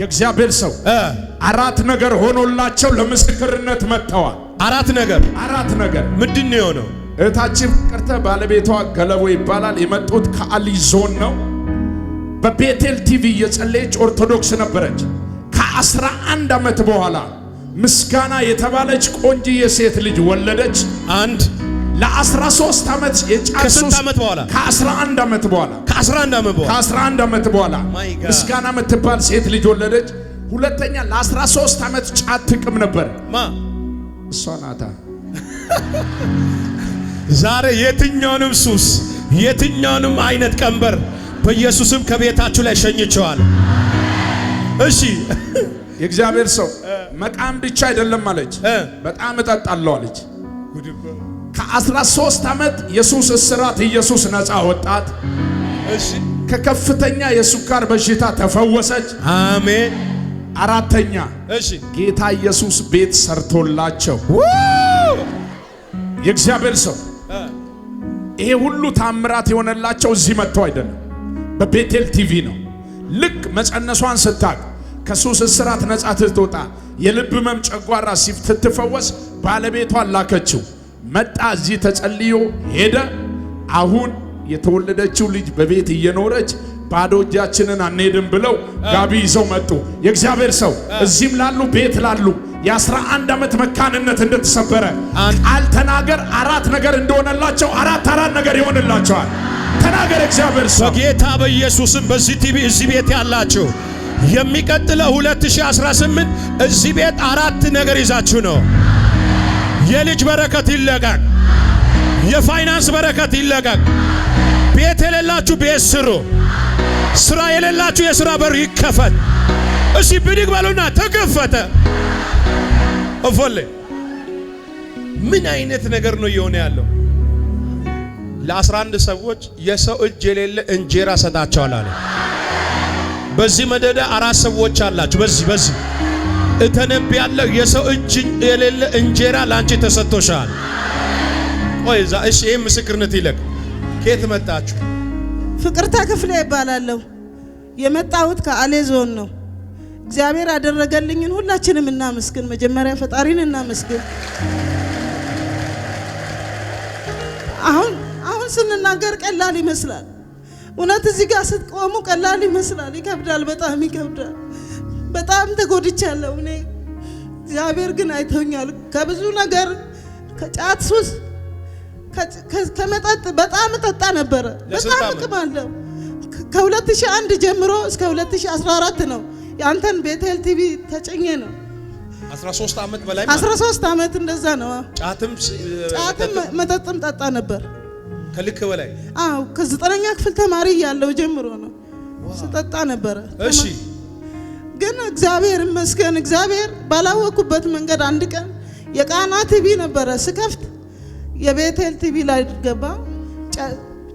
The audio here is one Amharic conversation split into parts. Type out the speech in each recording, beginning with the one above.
የእግዚአብሔር ሰው አራት ነገር ሆኖላቸው ለምስክርነት መጥተዋል። አራት ነገር አራት ነገር ምንድን ነው የሆነው? እህታችን ቅርተ ባለቤቷ ገለቦ ይባላል። የመጡት ከአሊ ዞን ነው። በቤቴል ቲቪ የጸለየች ኦርቶዶክስ ነበረች። ከአስራ አንድ ዓመት በኋላ ምስጋና የተባለች ቆንጂዬ ሴት ልጅ ወለደች። አንድ ለ13 ዓመት የጫሱስ ዓመት በኋላ ከ11 ዓመት በኋላ ከ11 ዓመት በኋላ ከ11 ዓመት በኋላ ምስጋና የምትባል ሴት ልጅ ወለደች። ሁለተኛ ለ13 ዓመት ጫት ትቅም ነበር። ማ እሷ ናታ። ዛሬ የትኛውንም ሱስ የትኛውንም አይነት ቀንበር በኢየሱስም ከቤታችሁ ላይ ሸኝቸዋል። እሺ የእግዚአብሔር ሰው መቃም ብቻ አይደለም አለች፣ በጣም እጠጣለሁ አለች። ከ13 ዓመት የሱስ እስራት ኢየሱስ ነፃ ወጣት። እሺ፣ ከከፍተኛ የሱካር በሽታ ተፈወሰች። አሜን። አራተኛ፣ እሺ፣ ጌታ ኢየሱስ ቤት ሰርቶላቸው የእግዚአብሔር ሰው ይሄ ሁሉ ታምራት የሆነላቸው እዚህ መጥተው አይደለም፣ በቤቴል ቲቪ ነው። ልክ መጸነሷን ስታቅ ከሱስ እስራት ነፃ ትትወጣ የልብ ህመም ጨጓራ ሲትፈወስ ባለቤቷ አላከችው። መጣ፣ እዚህ ተጸልዮ ሄደ። አሁን የተወለደችው ልጅ በቤት እየኖረች ባዶ እጃችንን አንሄድም ብለው ጋቢ ይዘው መጡ። የእግዚአብሔር ሰው እዚህም ላሉ ቤት ላሉ የአስራ አንድ ዓመት መካንነት እንደተሰበረ ቃል ተናገር። አራት ነገር እንደሆነላቸው አራት አራት ነገር ይሆንላቸዋል። ተናገር እግዚአብሔር ሰው በጌታ በኢየሱስም በዚህ ቲቪ እዚህ ቤት ያላችሁ የሚቀጥለው 2018 እዚህ ቤት አራት ነገር ይዛችሁ ነው የልጅ በረከት ይለቀቅ። የፋይናንስ በረከት ይለቀቅ። ቤት የሌላችሁ ቤት ስሩ። ስራ የሌላችሁ የስራ በር ይከፈት። እሺ ብድግ በሉና ተከፈተ። እፎሌ ምን አይነት ነገር ነው እየሆነ ያለው? ለአስራ አንድ ሰዎች የሰው እጅ የሌለ እንጀራ ሰጣቸዋል አለ። በዚህ መደዳ አራት ሰዎች አላችሁ። በዚህ በዚህ ያለው የሰው እጅ የሌለ እንጀራ ላንቺ ተሰጥቶሻል። ቆይዛ እሺ፣ ይህ ምስክርነት ይለቅ። ከየት መጣችሁ? ፍቅርታ ክፍሌ ይባላለሁ። የመጣሁት ከአሌ ዞን ነው። እግዚአብሔር ያደረገልኝን ሁላችንም እናመስግን። መጀመሪያ ፈጣሪን እናመስግን። አሁን አሁን ስንናገር ቀላል ይመስላል። እውነት እዚህ ጋር ስትቆሙ ቀላል ይመስላል። ይከብዳል፣ በጣም ይከብዳል። በጣም ተጎድቻለሁ እኔ። እግዚአብሔር ግን አይተውኛል። ከብዙ ነገር ከጫት ሱስ፣ ከመጠጥ በጣም እጠጣ ነበረ። በጣም እቅማለሁ። ከ2001 ጀምሮ እስከ 2014 ነው የአንተን ቤቴል ቲቪ ተጭኜ ነው 13 ዓመት በላይ 13 ዓመት እንደዛ ነው። ጫትም ጫትም መጠጥም ጠጣ ነበር ከልክ በላይ። አዎ ከዘጠነኛ ክፍል ተማሪ እያለሁ ጀምሮ ነው ስጠጣ ነበረ። እሺ ግን እግዚአብሔር ይመስገን እግዚአብሔር ባላወቅኩበት መንገድ አንድ ቀን የቃና ቲቪ ነበረ ስከፍት የቤቴል ቲቪ ላይ ገባ።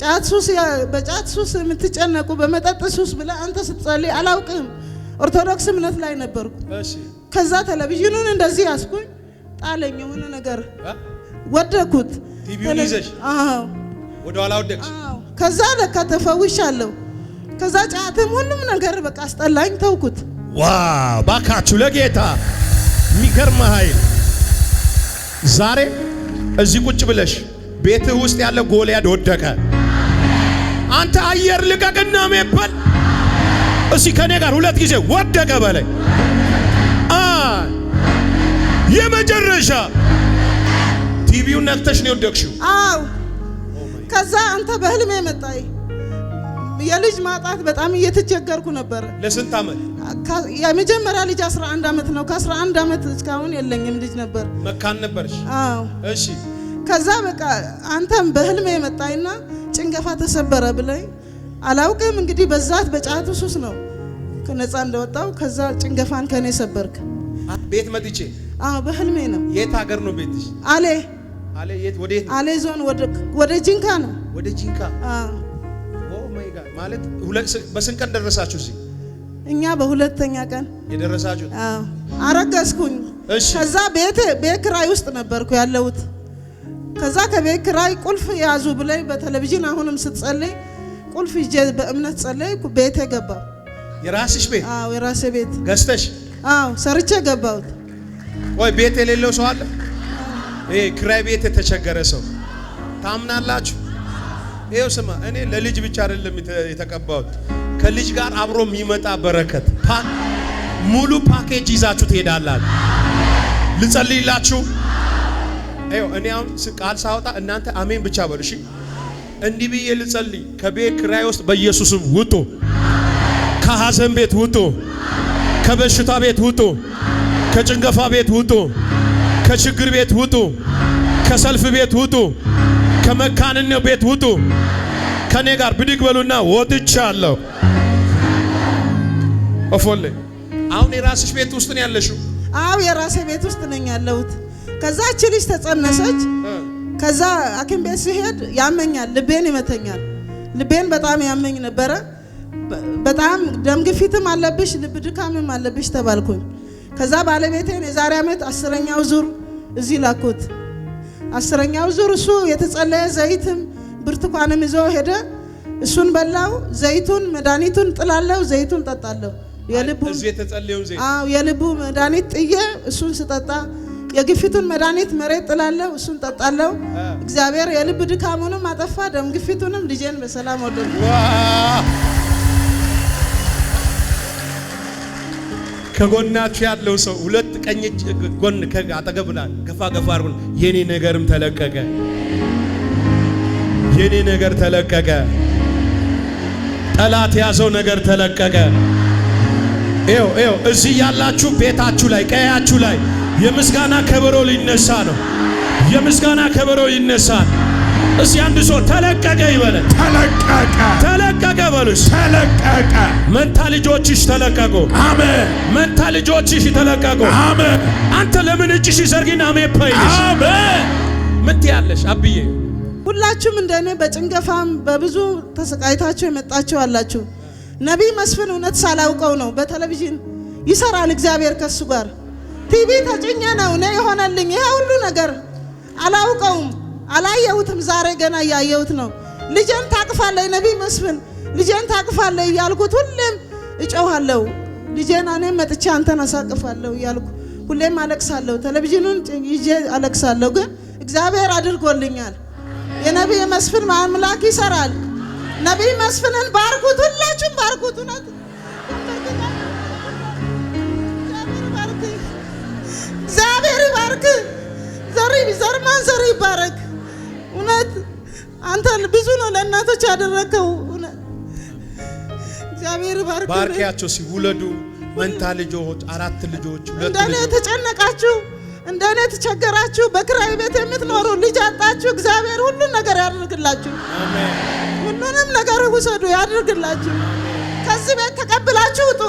ጫት ሱስ በጫት ሱስ የምትጨነቁ በመጠጥ ሱስ ብለ አንተ ስትጸልይ አላውቅም። ኦርቶዶክስ እምነት ላይ ነበርኩ። ከዛ ቴሌቪዥኑን እንደዚህ ያስኩኝ ጣለኝ። የሆነ ነገር ወደኩት። ከዛ ለካ ተፈውሻለሁ። ከዛ ጫትም ሁሉም ነገር በቃ አስጠላኝ፣ ተውኩት። ዋ ባካችሁ ለጌታ የሚገርም ኃይል ዛሬ እዚህ ቁጭ ብለሽ ቤትህ ውስጥ ያለ ጎልያድ ወደቀ። አንተ አየር ልቀቅና ሜበል እስቲ ከእኔ ጋር ሁለት ጊዜ ወደቀ በላይ አ የመጨረሻ ቲቪውን ነክተሽ ነው የወደቅሽው። አዎ ከዛ አንተ በህልሜ መጣይ የልጅ ማጣት በጣም እየተቸገርኩ ነበር። ለስንት ዓመት? የመጀመሪያ ልጅ 11 ዓመት ነው። ከ11 ዓመት እስካሁን የለኝም ልጅ ነበር። መካን ነበርሽ? አዎ። እሺ። ከዛ በቃ አንተም በህልሜ የመጣኝና ጭንገፋ ተሰበረ ብለኝ አላውቅም። እንግዲህ በዛት በጫቱ ሱስ ነው ነፃ እንደወጣው ከዛ ጭንገፋን ከኔ ሰበርክ። ቤት መጥቼ? አዎ፣ በህልሜ ነው። የት ሀገር ነው ቤትሽ? አሌ አሌ ዞን ወደ ጂንካ ነው። ወደ ጂንካ ይፈልጋል ማለት በስንት ቀን ደረሳችሁ እዚህ? እኛ በሁለተኛ ቀን የደረሳችሁ። አረገዝኩኝ። ከዛ ቤት ቤት ክራይ ውስጥ ነበርኩ ያለሁት። ከዛ ከቤት ክራይ ቁልፍ ያዙ ብለኝ በቴሌቪዥን አሁንም ስትጸልይ ቁልፍ ይዤ በእምነት ጸለይኩ። ቤቴ ገባሁ። የራስሽ ቤት? አዎ የራሴ ቤት ገዝተሽ? አዎ ሰርቼ ገባሁት። ወይ ቤት የሌለው ሰው አለ? ይሄ ኪራይ ቤት የተቸገረ ሰው ታምናላችሁ? ይኸው ስማ፣ እኔ ለልጅ ብቻ አይደለም የተቀባሁት፣ ከልጅ ጋር አብሮ የሚመጣ በረከት ሙሉ ፓኬጅ ይዛችሁ ትሄዳላችሁ። ልጸልይላችሁ። ይኸው እኔ አሁን ቃል ሳወጣ እናንተ አሜን ብቻ በሉ እሺ። እንዲህ ብዬ ልጸልይ። ከቤት ኪራይ ውስጥ በኢየሱስም ውጡ፣ ከሐዘን ቤት ውጡ፣ ከበሽታ ቤት ውጡ፣ ከጭንገፋ ቤት ውጡ፣ ከችግር ቤት ውጡ፣ ከሰልፍ ቤት ውጡ። ከመካንነ ቤት ውጡ። ከኔ ጋር ብድግ በሉና ወጥቻለሁ። ኦፎሌ አሁን የራስሽ ቤት ውስጥ ነው ያለሽው? አው የራሴ ቤት ውስጥ ነኝ ያለሁት። ከዛ እቺ ልጅ ተጸነሰች። ከዛ ሐኪም ቤት ሲሄድ ያመኛል፣ ልቤን ይመተኛል። ልቤን በጣም ያመኝ ነበረ። በጣም ደም ግፊትም አለብሽ ልብ ድካምም አለብሽ ተባልኩኝ። ከዛ ባለቤቴን የዛሬ ዓመት አስረኛው ዙር እዚህ ላኩት። አስረኛው ዙር እሱ የተጸለየ ዘይትም ብርቱካንም ይዞ ሄደ። እሱን በላው። ዘይቱን መድኃኒቱን ጥላለሁ፣ ዘይቱን ጠጣለሁ። የልቡ መድኃኒት ጥዬ እሱን ስጠጣ የግፊቱን መድኃኒት መሬት ጥላለው እሱን ጠጣለሁ። እግዚአብሔር የልብ ድካሙንም አጠፋ፣ ደም ግፊቱንም ልጄን በሰላም ወለድኩ። ከጎናችሁ ያለው ሰው ሁለት ቀኝ ጎን አጠገብ ገፋ ገፋ የኔ ነገርም ተለቀቀ፣ የኔ ነገር ተለቀቀ፣ ጠላት የያዘው ነገር ተለቀቀ። ኤው ኤው እዚህ ያላችሁ ቤታችሁ ላይ ቀያችሁ ላይ የምስጋና ከበሮ ሊነሳ ነው። የምስጋና ከበሮ ይነሳል። እስቲ አንድ ሰው ተለቀቀ ይበለ። ተለቀቀ ተለቀቀ በሉሽ። ተለቀቀ መንታ ልጆችሽ ተለቀቁ። አሜን። መንታ ልጆችሽ ተለቀቁ። አሜን። አንተ ለምን እጭሽ ዘርጊና ሜፓይልሽ አሜን። ምን ያለሽ አብዬ ሁላችሁም እንደኔ በጭንገፋም በብዙ ተሰቃይታችሁ የመጣችሁ አላችሁ። ነቢይ መስፍን እውነት ሳላውቀው ነው በቴሌቪዥን ይሰራል እግዚአብሔር ከሱ ጋር ቲቪ ተጭኜ ነው እኔ የሆነልኝ ይሄ ሁሉ ነገር አላውቀውም። አላየሁትም። ዛሬ ገና እያየሁት ነው። ልጄን ታቅፋለይ ነቢይ መስፍን ልጄን ታቅፋለይ እያልኩት ሁሌም እጮኋለሁ። ልጄን እኔም መጥቼ አንተን አሳቅፋለሁ እያልኩ ሁሌም አለቅሳለሁ። ቴሌቪዥኑን ይዤ አለቅሳለሁ። ግን እግዚአብሔር አድርጎልኛል። የነቢይ መስፍን ማምላክ ይሰራል። ነቢይ መስፍንን ባርኩት፣ ሁላችሁም ባርኩት። እውነት እግዚአብሔር ይባርክ። ዘሪ ዘርማን ዘሪ ይባረክ አንተ ብዙ ነው ለእናቶች ያደረከው። እግዚአብሔር ባርክ ባርኪያቸው። ሲውለዱ መንታ ልጆች፣ አራት ልጆች፣ እንደኔ ተጨነቃችሁ እንደኔ ተቸገራችሁ በክራይ ቤት የምትኖሩ ልጅ አጣችሁ፣ እግዚአብሔር ሁሉን ነገር ያደርግላችሁ። ሁሉንም ነገር ውሰዱ ያደርግላችሁ። ከዚህ ቤት ተቀብላችሁ ውጡ።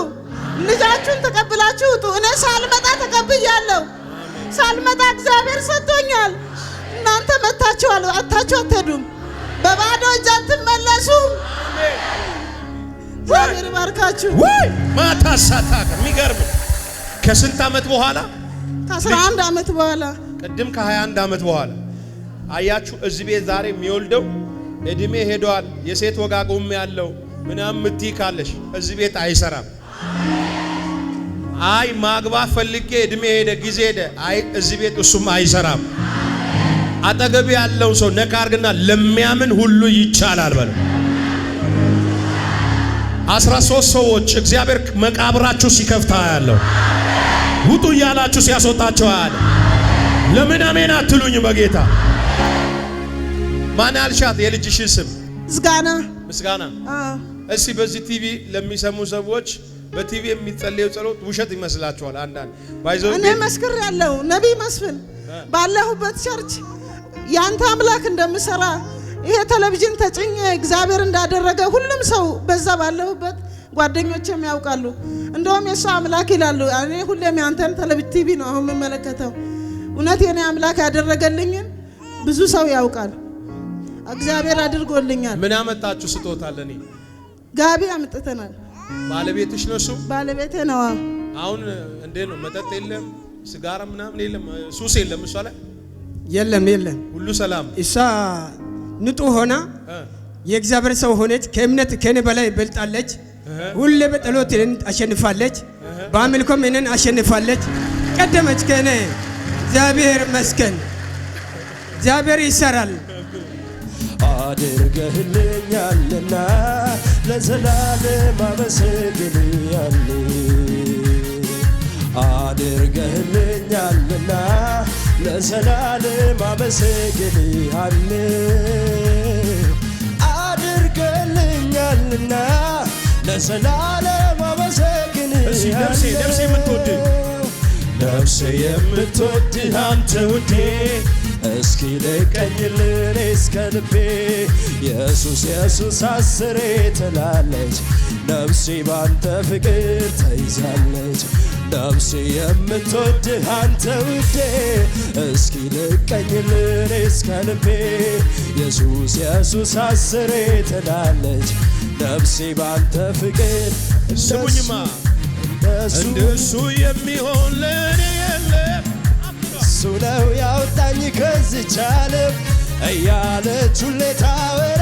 ልጃችሁን ተቀብላችሁ ውጡ። እኔ ሳልመጣ ተቀብያለሁ። ሳልመጣ እግዚአብሔር ሰጥቶኛል። እናንተ መታችሁ አታችሁ አትሄዱ እግዚአብሔር ባርካችሁ። ወይ ማታሳታ የሚገርም ከስንት ዓመት በኋላ ከ11 ዓመት በኋላ ቅድም ከ21 ዓመት በኋላ አያችሁ፣ እዚህ ቤት ዛሬ የሚወልደው እድሜ ሄደዋል። የሴት ወጋጎም ያለው ምናምን ምትይ ካለሽ እዚህ ቤት አይሰራም። አይ ማግባት ፈልጌ እድሜ ሄደ ጊዜ ሄደ፣ አይ እዚህ ቤት እሱም አይሰራም። አጠገብ ያለውን ሰው ነካ አርግና ለሚያምን ሁሉ ይቻላል በለው። አስራ ሶስት ሰዎች እግዚአብሔር መቃብራችሁ ሲከፍታ ያለው ውጡ እያላችሁ ሲያስወጣቸው ያለ ለምን አሜን አትሉኝ? በጌታ ማን አልሻት? የልጅሽ ስም ምስጋና ምስጋና። እስቲ በዚህ ቲቪ ለሚሰሙ ሰዎች በቲቪ የሚጸለየው ጸሎት ውሸት ይመስላችኋል። አንዳንድ ባይዞ እኔ መስክር ያለው ነቢይ መስፍን ባለሁበት ቸርች ያንተ አምላክ እንደምሰራ ይሄ ቴሌቪዥን ተጭኜ እግዚአብሔር እንዳደረገ ሁሉም ሰው በዛ ባለሁበት ጓደኞችም ያውቃሉ። እንደውም የእሱ አምላክ ይላሉ። እኔ ሁሌም ያንተን ቲቪ ነው አሁን የምመለከተው። እውነት የኔ አምላክ ያደረገልኝን ብዙ ሰው ያውቃል። እግዚአብሔር አድርጎልኛል። ምን ያመጣችሁ ስጦታ ለኔ? ጋቢ አምጥተናል። ባለቤትሽ ነው እሱ? ባለቤቴ ነው። አሁን እንዴት ነው? መጠጥ የለም፣ ስጋራ ምናምን የለም፣ ሱስ የለም። እሷ ላይ የለም፣ የለም፣ ሁሉ ሰላም እሷ ንጡ ሆና የእግዚአብሔር ሰው ሆነች። ከእምነት ከኔ በላይ በልጣለች። ሁሌ በጸሎት አሸንፋለች። በአምልኮም እኔን አሸንፋለች። ቀደመች ከኔ። እግዚአብሔር ይመስገን። እግዚአብሔር ይሰራል። አድርገህልኛልና ለዘላለም አመሰግናለሁ። ለዘላለም አመሰግንሃለሁ አድርገልኛልና ለዘላለም አመሰግንሃለሁ ነፍሴ የምትወድህ አንተ ውዴ እስኪ ልቀኝልን እስከ ልቤ ኢየሱስ ኢየሱስ አስሬ ትላለች ነፍሴ ባንተ ፍቅር ተይዛለች። ነፍሴ የምትወድህ አንተ ውዴ እስኪ ልቀኝ ልሬ እስከ ልቤ ኢየሱስ ኢየሱስ አስሬ ትላለች ነፍሴ ባንተ ፍቅር። ስሙኝማ እንደሱ የሚሆን ለእኔ የለም እሱ ነው ያወጣኝ ከዚህ ቻለም እያለች ሁሌ ታወራ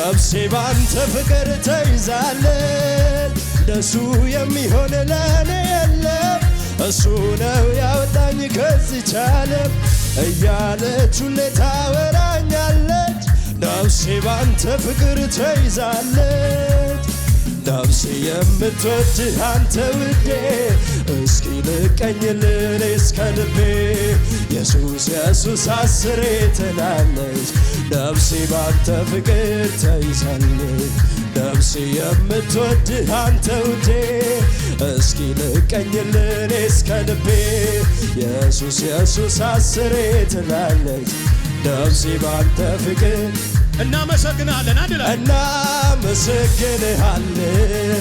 ነፍሴ ባንተ ፍቅር ተይዛለች። ደሱ የሚሆን ለኔ የለም እሱ ነው ያወጣኝ ከዚህ ቻለም እያለች ሁሌ ታወራኛለች። ነፍሴ ባንተ ፍቅር ተይዛለች። ነፍሴ የምትወድ አንተ ውዴ እስኪ ልቀኝልን እስከ ልቤ ኢየሱስ ኢየሱስ አስሬ ትላለች ነፍሴ ባንተ ፍቅር ተይዛል ነፍሴ የምትወድ አንተ ውዴ እስኪ ልቀኝልን እስከ ልቤ የሱስ የሱስ አስሬ ትላለች ነፍሴ ባንተ ፍቅር እናመሰግናለን አድላ እናመሰግንሃለን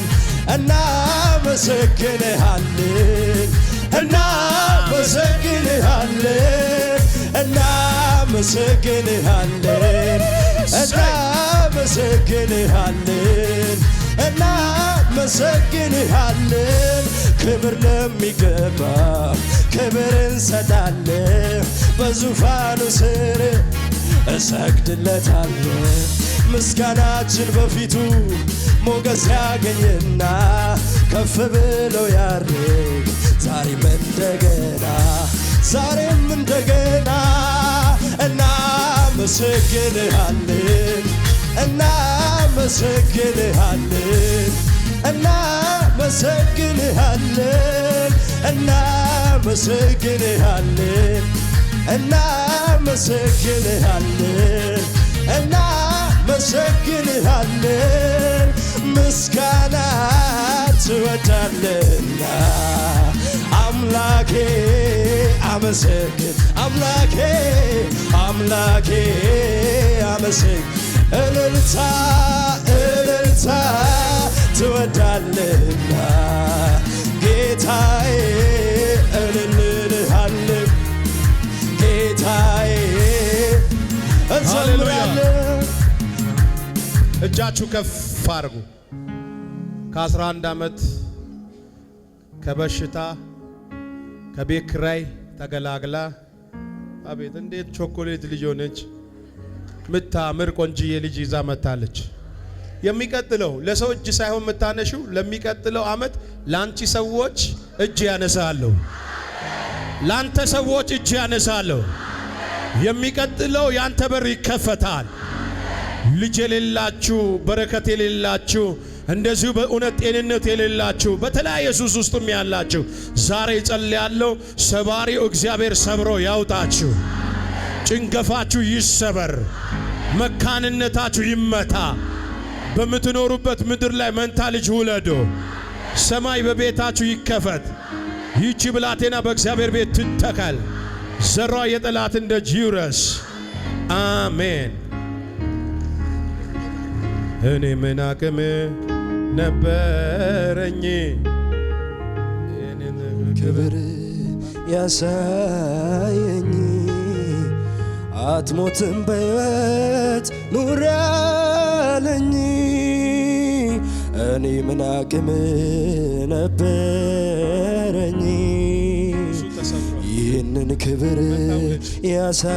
እናመሰግንሃለን እናመሰግንሃለን እናመሰግንሃለን እናመሰግንሃለን እናመሰግንሃለን ክብር ለሚገባ ክብር እንሰጣለን በዙፋኑ ስር እሰግድለታለን ምስጋናችን በፊቱ ሞገስ ያገኝና ከፍ ብሎ ያርግ ዛሬም እንደገና እናመሰግንሃለን እናመሰግንሃለን እናመሰግንሃለን እናመሰግንሃለን እናመሰግንሃለን እናመሰግንሃለን ምስጋና ትወዳለና አመሰግን አምላኬ አምላኬ አመሰግን እልልታ እልልታ ትወዳልና ጌታዬ እልልልሃልን ጌታዬ እንዘምራለን። እጃችሁ ከፍ አድርጉ። ከአስራ አንድ ዓመት ከበሽታ ከቤት ኪራይ ተገላግላ አቤት እንዴት ቾኮሌት ልጅ ሆነች! ምታምር ቆንጅዬ ልጅ ይዛ መታለች። የሚቀጥለው ለሰው እጅ ሳይሆን የምታነሺው ለሚቀጥለው አመት ለአንቺ ሰዎች እጅ ያነሳለሁ፣ ለአንተ ሰዎች እጅ ያነሳለሁ። የሚቀጥለው የአንተ በር ይከፈታል። ልጅ የሌላችሁ በረከት የሌላችሁ እንደዚሁ በእውነት ጤንነት የሌላችሁ በተለያየ ሱስ ውስጥም ያላችሁ ዛሬ ጸልያለሁ፣ ሰባሪው እግዚአብሔር ሰብሮ ያውጣችሁ። ጭንገፋችሁ ይሰበር፣ መካንነታችሁ ይመታ። በምትኖሩበት ምድር ላይ መንታ ልጅ ውለዶ፣ ሰማይ በቤታችሁ ይከፈት። ይቺ ብላቴና በእግዚአብሔር ቤት ትተካል። ዘሯ የጠላት እንደ ጂውረስ አሜን። እኔ ምን አቅም ነበረኝ ክብር ያሳየኝ አትሞትም በሕይወት ኑር ያለኝ እኔ ምን አቅም ነበረኝ ይህንን ክብር ያሳ